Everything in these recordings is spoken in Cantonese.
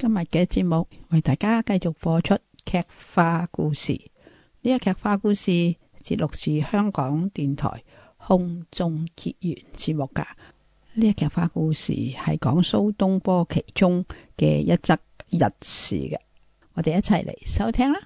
今日嘅節目為大家繼續播出劇化故事。呢一劇化故事節錄自香港電台空中結緣節目噶。呢一劇化故事係講蘇東坡其中嘅一則軼事嘅，我哋一齊嚟收聽啦。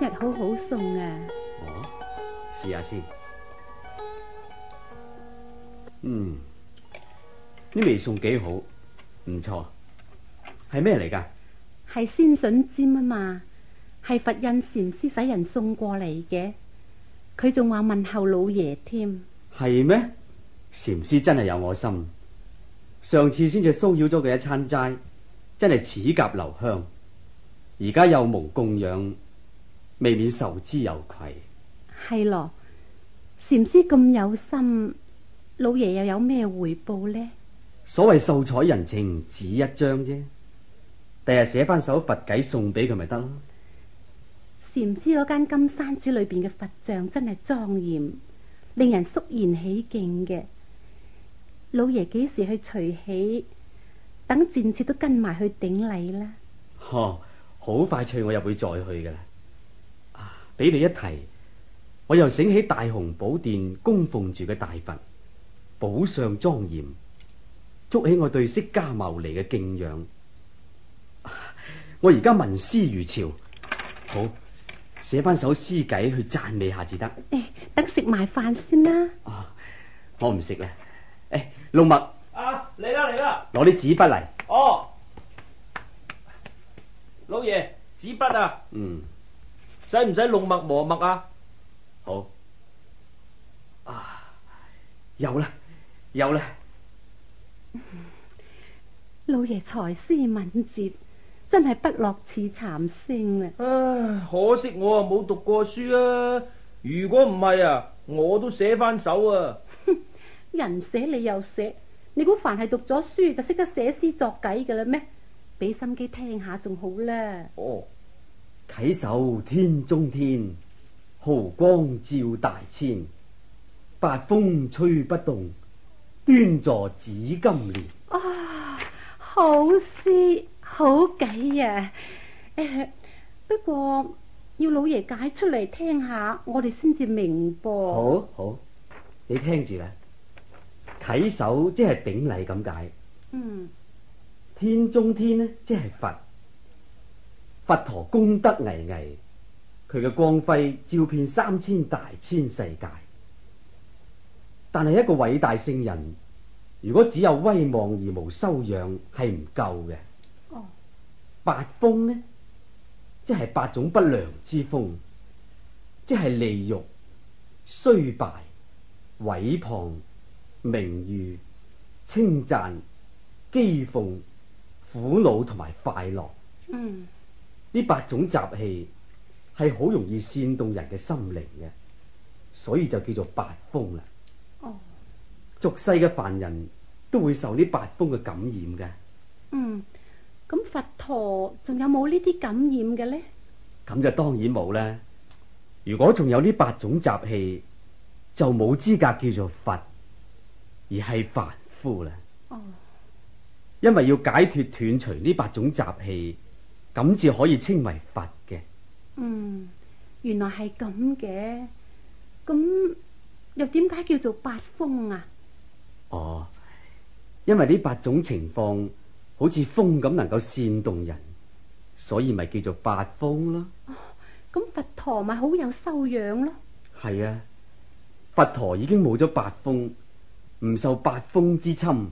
日好好送啊！哦，試下先。嗯，呢味餸幾好，唔錯。係咩嚟㗎？係鮮筍尖啊嘛，係佛印禪師使人送過嚟嘅。佢仲話問候老爺添。係咩？禪師真係有我心。上次先至騷擾咗佢一餐齋，真係齒頰留香。而家有無供養？未免受之有愧。係咯，禪師咁有心，老爺又有咩回報呢？所謂秀才人情紙一張啫，第日寫翻首佛偈送俾佢咪得咯。禪師嗰間金山寺裏邊嘅佛像真係莊嚴，令人肅然起敬嘅。老爺幾時去隨喜，等賤妾都跟埋去頂禮啦。哦，好快脆，我又會再去噶啦。俾你一提，我又醒起大雄寶殿供奉住嘅大佛，寶相莊嚴，捉起我對釋迦牟尼嘅敬仰。 我而家文思如潮，好寫翻首詩偈去讚美下至得。誒、欸，等食埋飯先啦。啊、我唔食啦。誒、欸，老麥。阿嚟啦嚟啦，攞啲紙筆嚟。哦，老爺，紙筆啊。嗯。使唔使弄墨磨墨啊？好啊，有啦，有啦。老爺才思敏捷，真係不落似蟬聲啊！唉，啊，可惜我啊冇讀過書啊。如果唔係啊，我都寫翻手啊。人寫你又寫，你估凡係讀咗書就識得寫詩作偈噶啦咩？俾心機聽下仲好啦。哦。稽首天中天，毫光照大千，八風吹不動，端坐紫金蓮。哦、思思啊，好詩好偈啊！不過要老爺解出嚟聽下，我哋先至明噃。好，好，你聽住啦。稽首即係頂禮咁解。嗯。天中天呢，即係佛。佛陀功德巍巍，佢嘅光輝照遍三千大千世界。但係一個偉大聖人，如果只有威望而無修養，係唔夠嘅。八、哦、風呢，即係八種不良之風，嗯、即係利欲、衰敗、毀謗、名譽、稱讚、譏諷、苦惱同埋快樂。嗯。呢八種雜氣係好容易煽動人嘅心靈嘅，所以就叫做八風啦。哦，俗世嘅凡人都會受呢八風嘅感染嘅。嗯，咁佛陀仲有冇呢啲感染嘅呢？咁就當然冇啦。如果仲有呢八種雜氣，就冇資格叫做佛，而係凡夫啦。哦，因為要解脫斷除呢八種雜氣。咁至可以稱為佛嘅。嗯，原來係咁嘅。咁又點解叫做八風啊？哦，因為呢八種情況好似風咁能夠煽動人，所以咪叫做八風咯。咁，哦，佛陀咪好有修養咯。係啊，佛陀已經冇咗八風，唔受八風之侵，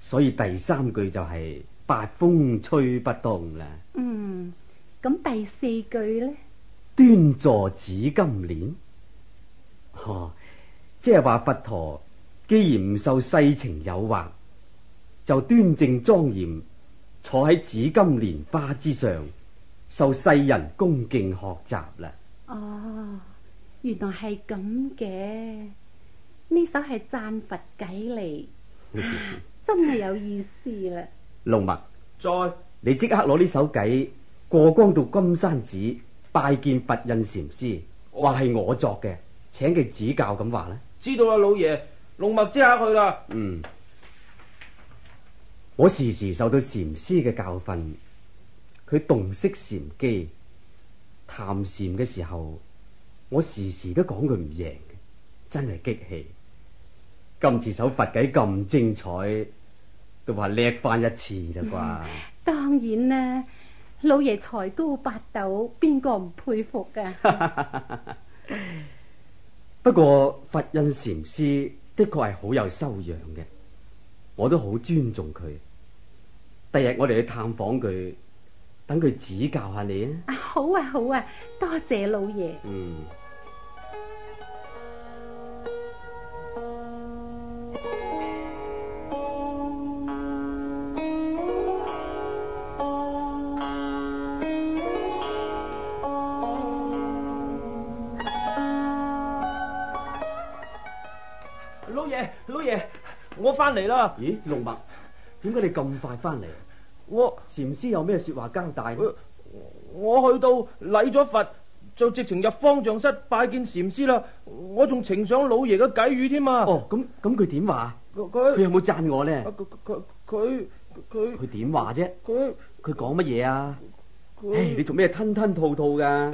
所以第三句就係、是。八風吹不動啦。嗯，咁第四句呢，端坐紫金蓮，哦，即係話佛陀既然唔受世情誘惑，就端正莊嚴坐喺紫金蓮花之上，受世人恭敬學習啦。哦，原來係咁嘅。呢首係讚佛偈嚟， 真係有意思啦。龍墨，再在你即刻攞呢首偈過江到金山寺拜見佛印禪師，話係我，我作嘅，請佢指教咁話呢。知道啦，老爺，龍墨即刻去啦。嗯，我時時受到禪師嘅教訓，佢洞悉禪機，談禪嘅時候，我時時都講佢唔贏真係激氣。今次首佛偈咁精彩。都話叻翻一次啦啩？嗯！當然啦，老爺才高八斗，邊個唔佩服噶、啊？ 不過佛印禪師的確係好有修養嘅，我都好尊重佢。第日我哋去探訪佢，等佢指教下你啊！好啊，好啊，多謝老爺。嗯。嚟啦！咦，龍墨，點解你咁快翻嚟？我禪師有咩說話交代？我我去到禮咗佛，就直情入方丈室拜見禪師啦。我仲呈上老爺嘅偈語添嘛。哦，咁咁佢點話？佢佢有冇讚我呢？佢佢佢佢點話啫？佢佢講乜嘢啊？你做咩吞吞吐吐噶？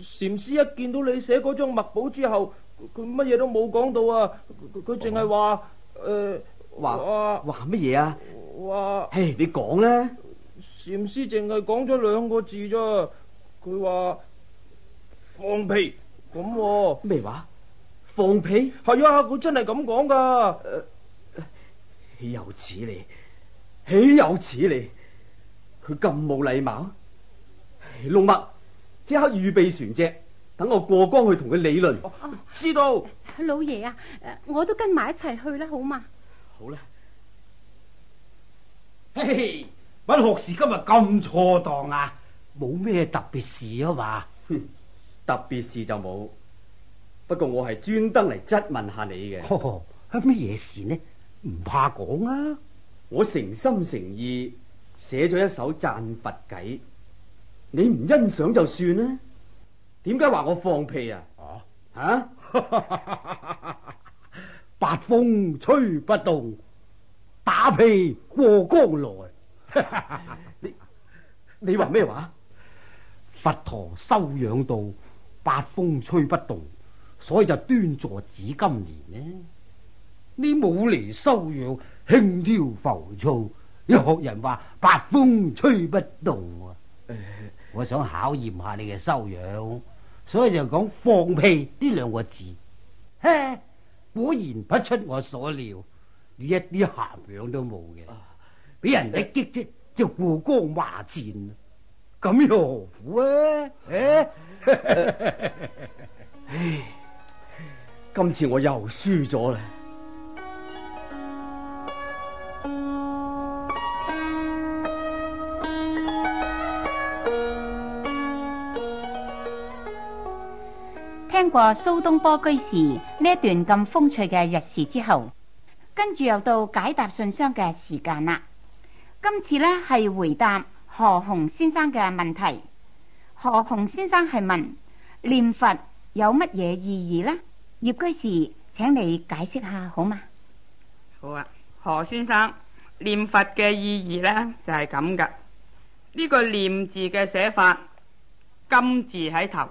禪師、呃、一見到你寫嗰張墨寶之後，佢乜嘢都冇講到啊！佢佢淨係話。誒，話話乜嘢啊？話說，嘿，你講啦。禪師淨係講咗兩個字咋？佢話放屁。咁咩話？放屁？係啊，佢真係咁講噶。呃、豈有此理？豈有此理？佢咁冇禮貌。陸墨，即刻預備船隻，等我過江去同佢理論。啊，知道。老爺啊，我都跟埋一齊去啦，好嘛？好啦，嘿嘿，尹學士今日咁錯檔啊，冇咩特別事啊嘛。哼，特別事就冇，不過我係專登嚟質問下你嘅。呵呵、哦，乜嘢事呢？唔怕講啊，我誠心誠意寫咗一首讚佛偈，你唔欣賞就算啦，點解話我放屁啊？啊？啊？八 風吹不動，打屁過江來。 你你話咩話？ 佛陀修養到八風吹不動，所以就端坐紫金蓮呢。你冇嚟修養輕佻浮躁，有學人話八風吹不動。 我想考驗下你嘅修養。所以就講放屁呢兩個字，嘿，果然不出我所料，你一啲涵養都冇嘅，俾人一激啫，就過光罵戰，咁又何苦啊？ 唉，今次我又輸咗啦。經過蘇東坡居士呢一段咁風趣嘅軼事之後，跟住又到解答信箱嘅時間啦。今次呢係回答何鴻先生嘅問題。何鴻先生係問念佛有乜嘢意義呢？葉居士，請你解釋下好嗎？好啊，何先生，念佛嘅意義呢就係咁噶。呢個念字嘅寫法，金字喺頭，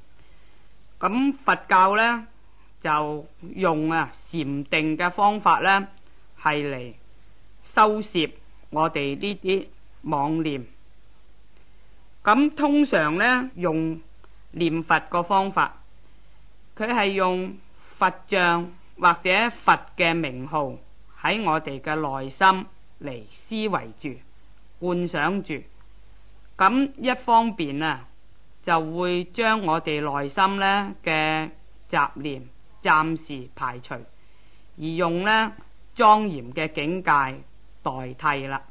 咁佛教呢，就用啊禪定嘅方法呢，係嚟修攝我哋呢啲妄念。咁通常呢，用念佛嘅方法，佢係用佛像或者佛嘅名號喺我哋嘅內心嚟思維住、觀想住。咁一方面啊。就會將我哋內心呢嘅雜念暫時排除，而用呢莊嚴嘅境界代替啦。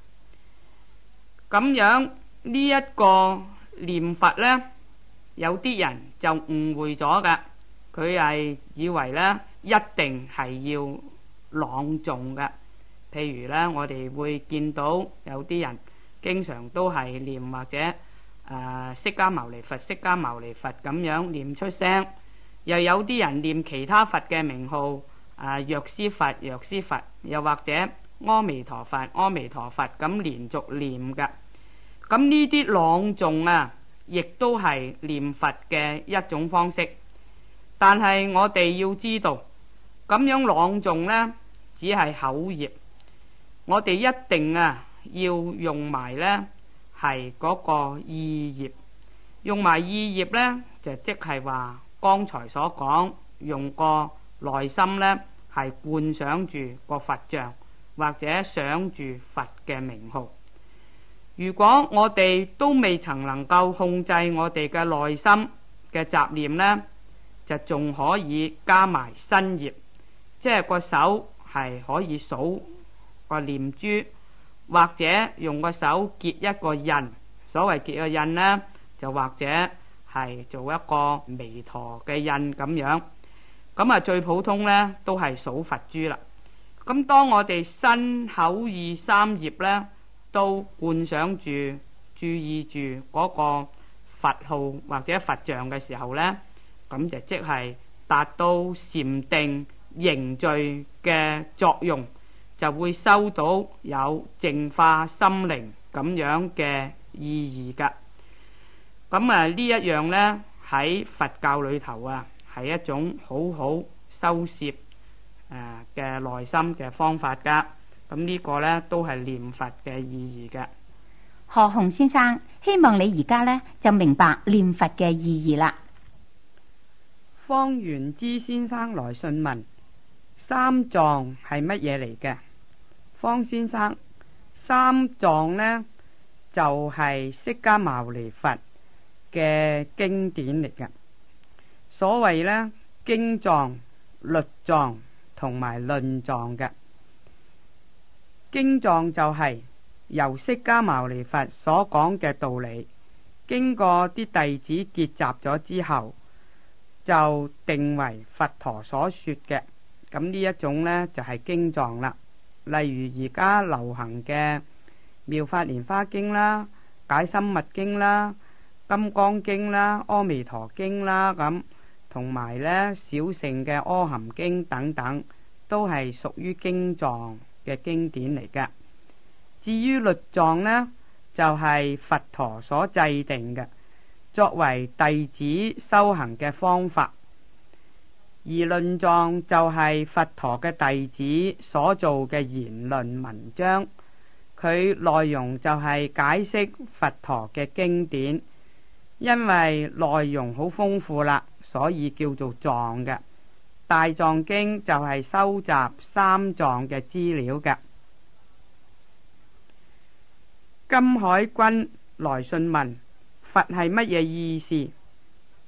咁樣呢一個念佛呢，有啲人就誤會咗嘅，佢係以為呢一定係要朗誦嘅。譬如呢，我哋會見到有啲人經常都係念，或者。誒，啊，釋迦牟尼佛、釋迦牟尼佛咁樣念出聲，又有啲人念其他佛嘅名號，誒，藥師佛、藥師佛，又或者阿彌陀佛、阿彌陀佛咁連續念噶。咁呢啲朗誦啊，亦都係念佛嘅一種方式。但係我哋要知道，咁樣朗誦呢，只係口業。我哋一定啊要用埋呢。係嗰個意業，用埋意業呢，就即係話剛才所講，用個內心呢，係觀想住個佛像或者想住佛嘅名號。如果我哋都未曾能夠控制我哋嘅內心嘅雜念呢，就仲可以加埋身業，即係個手係可以數個念珠。或者用個手結一個印，所謂結個印呢，就或者係做一個彌陀嘅印咁樣。咁啊，最普通呢都係數佛珠啦。咁當我哋身口意三業呢，都觀想住、注意住嗰個佛號或者佛像嘅時候呢，咁就即係達到禪定凝聚嘅作用。就會收到有淨化心靈咁樣嘅意義噶。咁啊呢一樣呢喺佛教裏頭啊係一種好好修攝誒嘅內心嘅方法噶。咁呢個呢都係念佛嘅意義嘅。何鴻先生，希望你而家呢就明白念佛嘅意義啦。方元之先生來信問：三藏係乜嘢嚟嘅？方先生，三藏呢，就係釋迦牟尼佛嘅經典嚟嘅，所謂呢「經藏、律藏同埋論藏」嘅經藏就係由釋迦牟尼佛所講嘅道理，經過啲弟子結集咗之後就定為佛陀所說嘅，咁呢一種呢，就係經藏啦。例如而家流行嘅《妙法蓮花經》啦，《解心密經》啦，《金剛經》啦，《阿彌陀經》啦，咁同埋咧小乘嘅《阿含經》等等，都係屬於經藏嘅經典嚟嘅。至於律藏咧，就係、是、佛陀所制定嘅，作為弟子修行嘅方法。而論藏就係佛陀嘅弟子所做嘅言論文章，佢內容就係解釋佛陀嘅經典，因為內容好豐富啦，所以叫做藏。嘅大藏經就係收集三藏嘅資料嘅。金海君來信問：佛係乜嘢意思？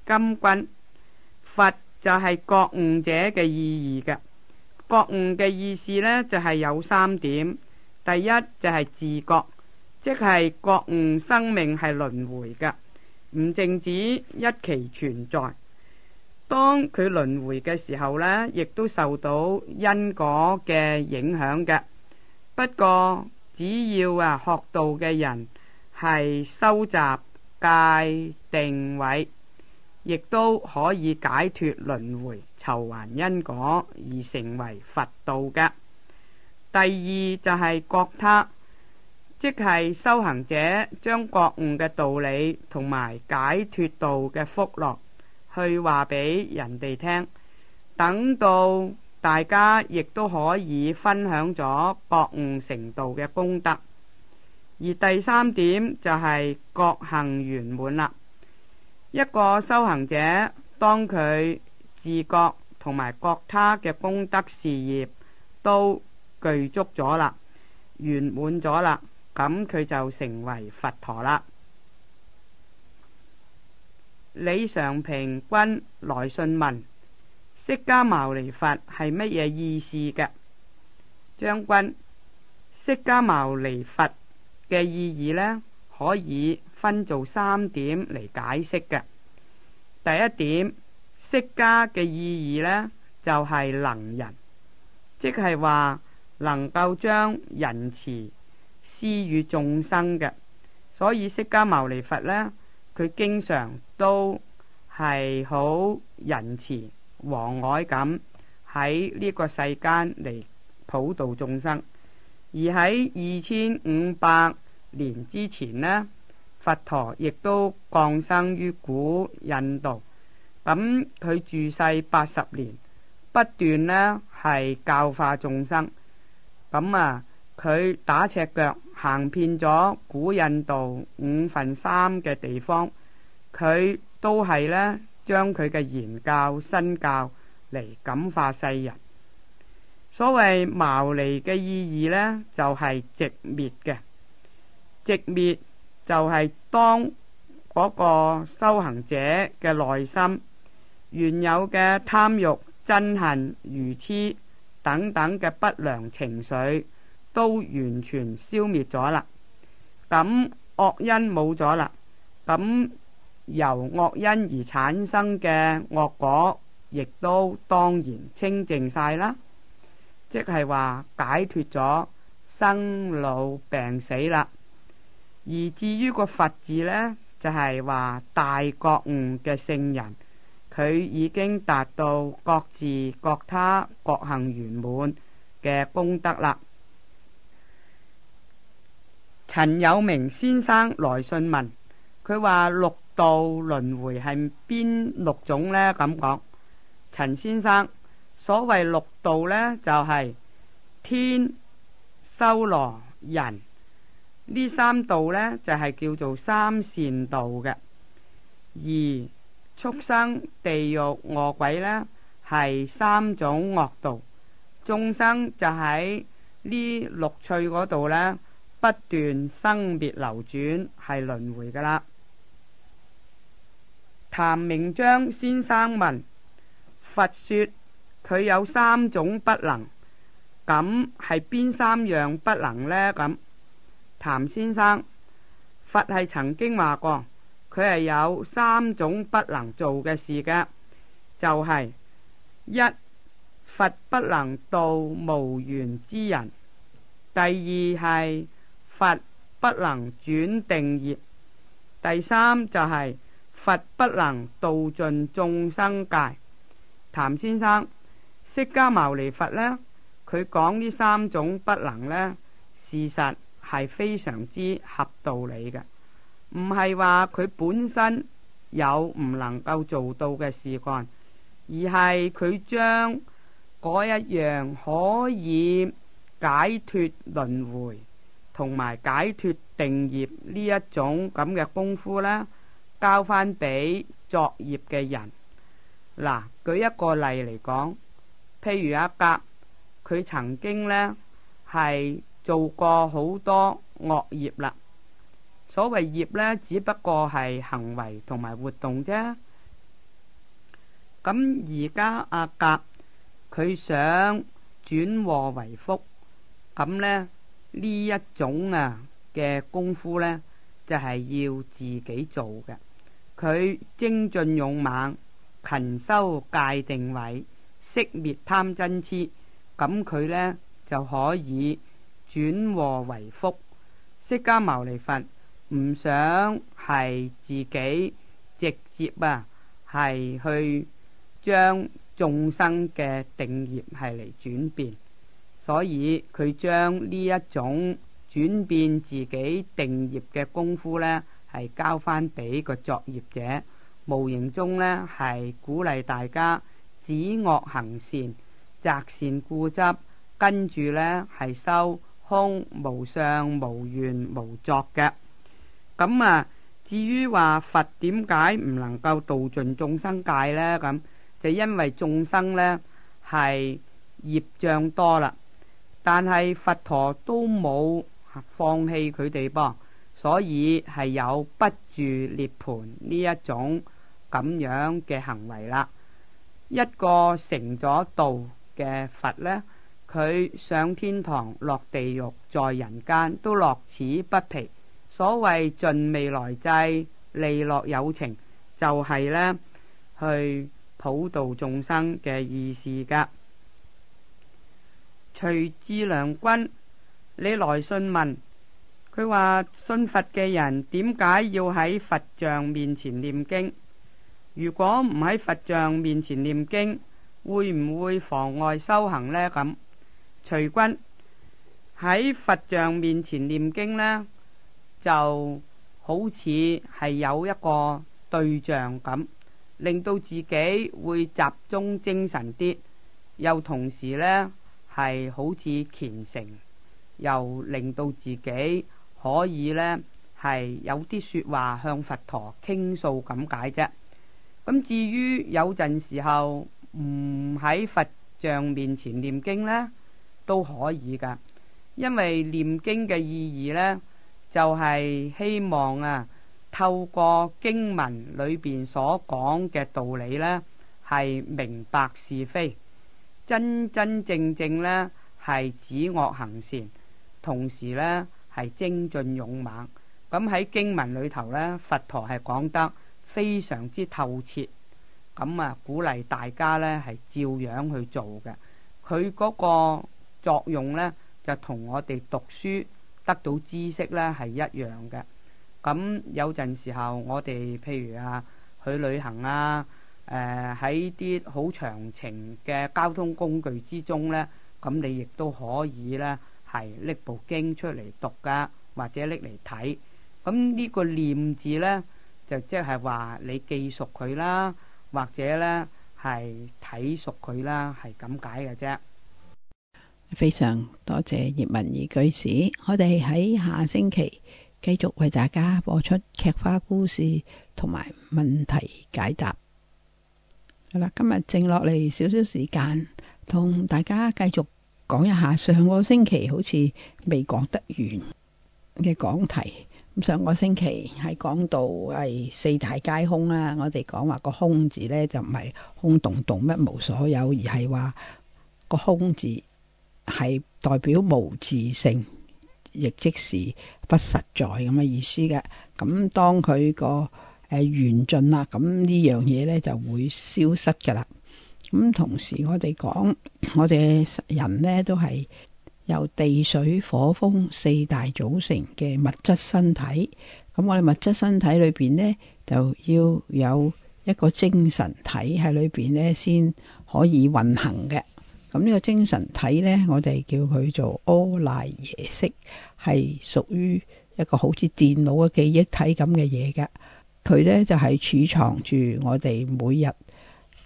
金君：「佛。就係覺悟者嘅意義嘅，覺悟嘅意思呢，就係有三點，第一就係自覺，即係覺悟生命係輪迴嘅，唔淨止一期存在。當佢輪迴嘅時候呢，亦都受到因果嘅影響嘅。不過只要啊學道嘅人係收集界定位。亦都可以解脱輪迴，酬還因果而成為佛道嘅。第二就係覺他，即係修行者將覺悟嘅道理同埋解脱道嘅福樂去話俾人哋聽，等到大家亦都可以分享咗覺悟成道嘅功德。而第三點就係覺行圓滿啦。一個修行者，當佢自覺同埋覺他嘅功德事業都具足咗啦，圓滿咗啦，咁佢就成為佛陀啦。李常平君來信問：釋迦牟尼佛係乜嘢意思嘅？將軍，釋迦牟尼佛嘅意義呢？可以。分做三點嚟解釋嘅。第一點，釋迦嘅意義呢，就係能人，即係話能夠將仁慈施予眾生嘅。所以釋迦牟尼佛呢，佢經常都係好仁慈、和藹咁喺呢個世間嚟普度眾生。而喺二千五百年之前呢。佛陀亦都降生於古印度，咁佢住世八十年，不斷呢係教化眾生。咁啊，佢打赤腳行遍咗古印度五分三嘅地方，佢都係呢將佢嘅言教、身教嚟感化世人。所謂牟尼嘅意義呢，就係、是、直滅嘅直滅。就係當嗰個修行者嘅內心原有嘅貪欲、憎恨、愚痴等等嘅不良情緒都完全消滅咗啦。咁惡因冇咗啦，咁由惡因而產生嘅惡果，亦都當然清淨晒啦。即係話解脫咗生老病死啦。而至於個佛字呢，就係話大覺悟嘅聖人，佢已經達到各自各他各行圓滿嘅功德啦。陳有明先生來信問，佢話六道輪迴係邊六種呢？咁講，陳先生所謂六道呢，就係天、修羅、人。呢三道呢，就係、是、叫做三善道嘅，而畜生、地獄、餓鬼呢，係三種惡道，眾生就喺呢六趣嗰度呢，不斷生滅流轉，係輪迴噶啦。譚明章先生問佛說佢有三種不能，咁係邊三樣不能呢？」咁譚先生，佛係曾經話過，佢係有三種不能做嘅事嘅，就係、是、一佛不能度無緣之人；第二係佛不能轉定業；第三就係、是、佛不能度盡眾生界。譚先生，釋迦牟尼佛呢，佢講呢三種不能呢，事實，係非常之合道理嘅，唔係話佢本身有唔能夠做到嘅事幹，而係佢將嗰一樣可以解脫輪迴同埋解脫定業呢一種咁嘅功夫呢，交返俾作業嘅人。嗱，舉一個例嚟講，譬如阿格，佢曾經呢係。做過好多惡業啦。所謂業呢，只不過係行為同埋活動啫。咁而家阿甲佢想轉禍為福，咁呢，呢一種啊嘅功夫呢，就係、是、要自己做嘅。佢精進勇猛，勤修戒定慧，息滅貪嗔痴，咁佢呢，就可以。轉禍為福，釋迦牟尼佛唔想係自己直接啊，係去將眾生嘅定業係嚟轉變，所以佢將呢一種轉變自己定業嘅功夫呢，係交翻俾個作業者，無形中呢，係鼓勵大家止惡行善，擇善固執，跟住呢，係收。空無相無願無作嘅。咁啊至於話，佛點解唔能夠度盡眾生界呢？咁就因為眾生呢係業障多啦，但係佛陀都冇放棄佢哋噃，所以係有不住涅槃呢一種咁樣嘅行為啦。一個成咗道嘅佛呢。佢上天堂、落地獄，在人間都樂此不疲。所謂盡未來際，利樂有情，就係、是、呢去普渡眾生嘅意思。㗎，徐志良君，你來信問佢話信佛嘅人點解要喺佛像面前念經？如果唔喺佛像面前念經，會唔會妨礙修行呢？咁，隨君喺佛像面前念經呢，就好似係有一個對象咁，令到自己會集中精神啲，又同時呢，係好似虔誠，又令到自己可以呢，係有啲說話向佛陀傾訴咁解啫。咁至於有陣時候唔喺佛像面前念經呢？都可以噶，因為念經嘅意義呢，就係希望啊，透過經文裏邊所講嘅道理呢，係明白是非，真真正正呢，係止惡行善，同時呢，係精進勇猛。咁喺經文裏頭呢，佛陀係講得非常之透徹，咁啊鼓勵大家呢，係照樣去做嘅。佢嗰個。作用呢，就同我哋讀書得到知識呢係一樣嘅。咁、嗯、有陣時候我，我哋譬如啊去旅行啊，誒喺啲好長程嘅交通工具之中呢，咁、嗯、你亦都可以呢係拎部經出嚟讀噶，或者拎嚟睇。咁、嗯、呢、呢個念字呢，就即係話你記熟佢啦，或者呢係睇熟佢啦，係咁解嘅啫。非常多謝葉文儀居士，我哋喺下星期繼續為大家播出劇花故事同埋問題解答。好啦，今日剩落嚟少少時間，同大家繼續講一下上個星期好似未講得完嘅講題。咁上個星期係講到係四大皆空啦，我哋講話個空字呢，就唔係空洞洞，一無所有，而係話個空字。係代表無自性，亦即是不實在咁嘅意思嘅。咁當佢個誒緣盡啦，咁呢樣嘢呢就會消失噶啦。咁同時我哋講，我哋人呢都係由地水火風四大組成嘅物質身體。咁我哋物質身體裏邊呢，就要有一個精神體喺裏邊呢先可以運行嘅。咁呢個精神體呢，我哋叫佢做阿賴耶識，係屬於一個好似電腦嘅記憶體咁嘅嘢嘅。佢呢就係、是、儲藏住我哋每日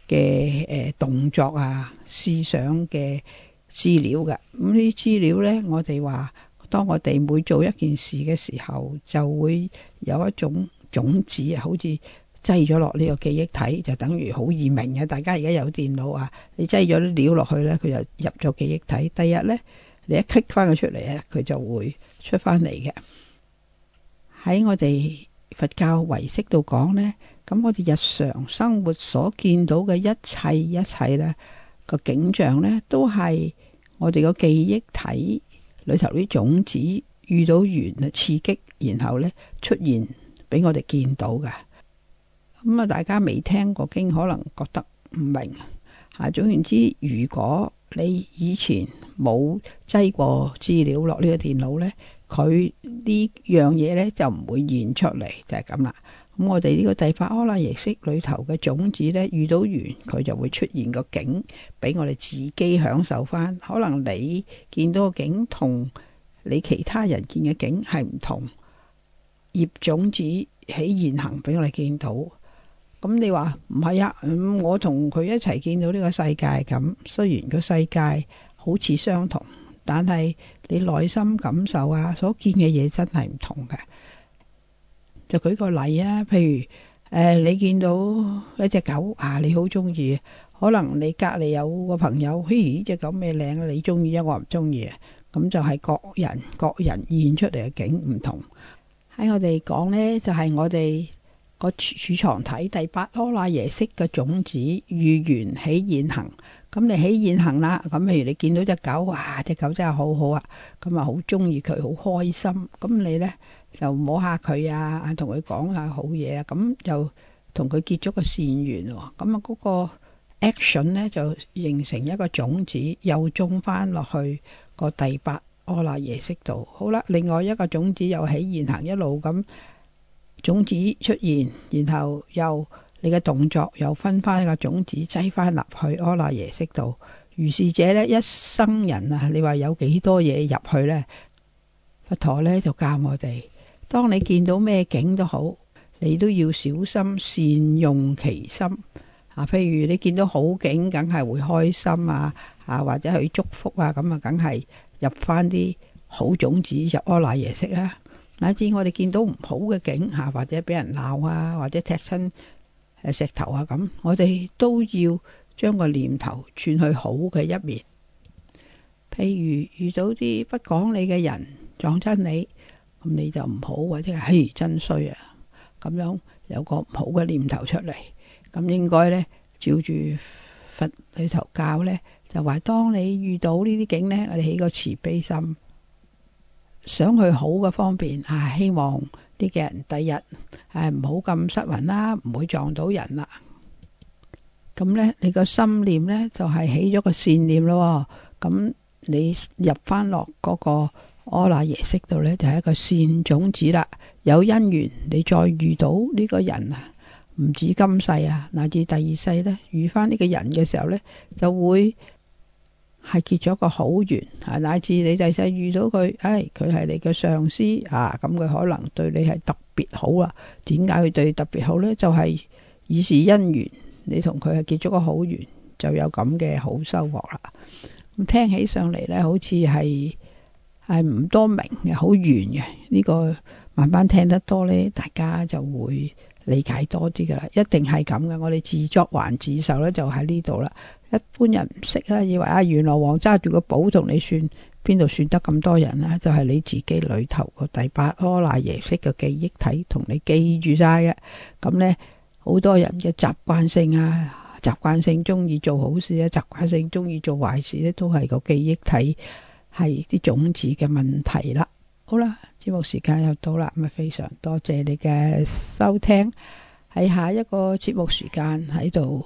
嘅誒動作啊、思想嘅資料嘅。咁呢啲資料呢，我哋話當我哋每做一件事嘅時候，就會有一種種子，好似擠咗落呢個記憶體，就等於好易明嘅。大家而家有電腦啊，你擠咗啲料落去呢，佢就入咗記憶體。第二日呢，你一 click 翻佢出嚟咧，佢就會出翻嚟嘅。喺我哋佛教唯識度講呢，咁我哋日常生活所見到嘅一切一切呢，個景象呢，都係我哋個記憶體裏頭啲種子遇到緣刺激，然後呢出現俾我哋見到嘅。咁啊！大家未聽過經，可能覺得唔明嚇。總言之，如果你以前冇擠過資料落呢個電腦呢，佢呢樣嘢呢，就唔會現出嚟，就係咁啦。咁、嗯、我哋呢個第八阿賴耶識裏頭嘅種子呢，遇到緣佢就會出現個景，俾我哋自己享受翻。可能你見到個景同你其他人見嘅景係唔同，葉種子起現行俾我哋見到。咁、嗯、你話唔係啊？嗯、我同佢一齊見到呢個世界咁，雖然個世界好似相同，但係你內心感受啊，所見嘅嘢真係唔同嘅。就舉個例啊，譬如誒、呃，你見到一隻狗啊，你好中意，可能你隔籬有個朋友，嘿，隻狗咩靚，啊，你中意啊，我唔中意啊，咁就係各人各人現出嚟嘅景唔同。喺我哋講呢，就係、是、我哋。個儲藏體第八阿賴耶識嘅種子，遇緣起現行。咁你起現行啦，咁譬如你見到隻狗，哇！隻狗真係好好啊，咁啊好中意佢，好開心。咁你呢就摸下佢啊，同佢講下好嘢啊，咁就同佢結咗個善緣。咁啊，嗰個 action 呢就形成一個種子，又種翻落去個第八阿賴耶識度。好啦，另外一個種子又起現行一路咁。種子出現，然後又你嘅動作又分翻個種子擠翻入去阿賴耶識度。如是者呢，一生人啊，你話有幾多嘢入去呢？佛陀呢就教我哋：當你見到咩景都好，你都要小心善用其心。啊，譬如你見到好景，梗係會開心啊，啊或者去祝福啊，咁啊，梗係入翻啲好種子入阿賴耶識啊。乃至我哋見到唔好嘅景嚇，或者俾人鬧啊，或者踢親誒石頭啊咁，我哋都要將個念頭轉去好嘅一面。譬如遇到啲不講理嘅人撞親你，咁你就唔好或者係真衰啊咁樣有個唔好嘅念頭出嚟，咁應該呢照住佛裏頭教呢，就話當你遇到呢啲景呢，我哋起個慈悲心。想去好嘅方便啊，希望呢個人第日誒唔好咁失魂啦，唔會撞到人啦。咁呢，你個心念呢就係、是、起咗個善念咯、哦。咁你入翻落嗰個阿那耶識度呢，就係、是、一個善種子啦。有因緣，你再遇到呢個人啊，唔止今世啊，乃至第二世呢，遇翻呢個人嘅時候呢，就會。係結咗一個好緣，乃至你第世遇到佢，誒、哎，佢係你嘅上司，啊，咁佢可能對你係特別好啦。點解佢對你特別好呢？就係、是、以是因緣，你同佢係結咗個好緣，就有咁嘅好收穫啦。咁聽起上嚟呢，好似係係唔多明嘅，好遠嘅。呢、這個慢慢聽得多呢，大家就會理解多啲噶啦。一定係咁嘅，我哋自作還自受呢，就喺呢度啦。一般人唔識啦，以為阿閻羅王揸住個簿，同你算，邊度算得咁多人啊？就係、是、你自己裏頭個第八阿賴耶識嘅記憶體同你記住晒嘅。咁呢，好多人嘅習慣性啊，習慣性中意做好事啊，習慣性中意做壞事呢，都係個記憶體係啲種子嘅問題啦。好啦，節目時間又到啦，咁啊，非常多謝你嘅收聽，喺下一個節目時間喺度。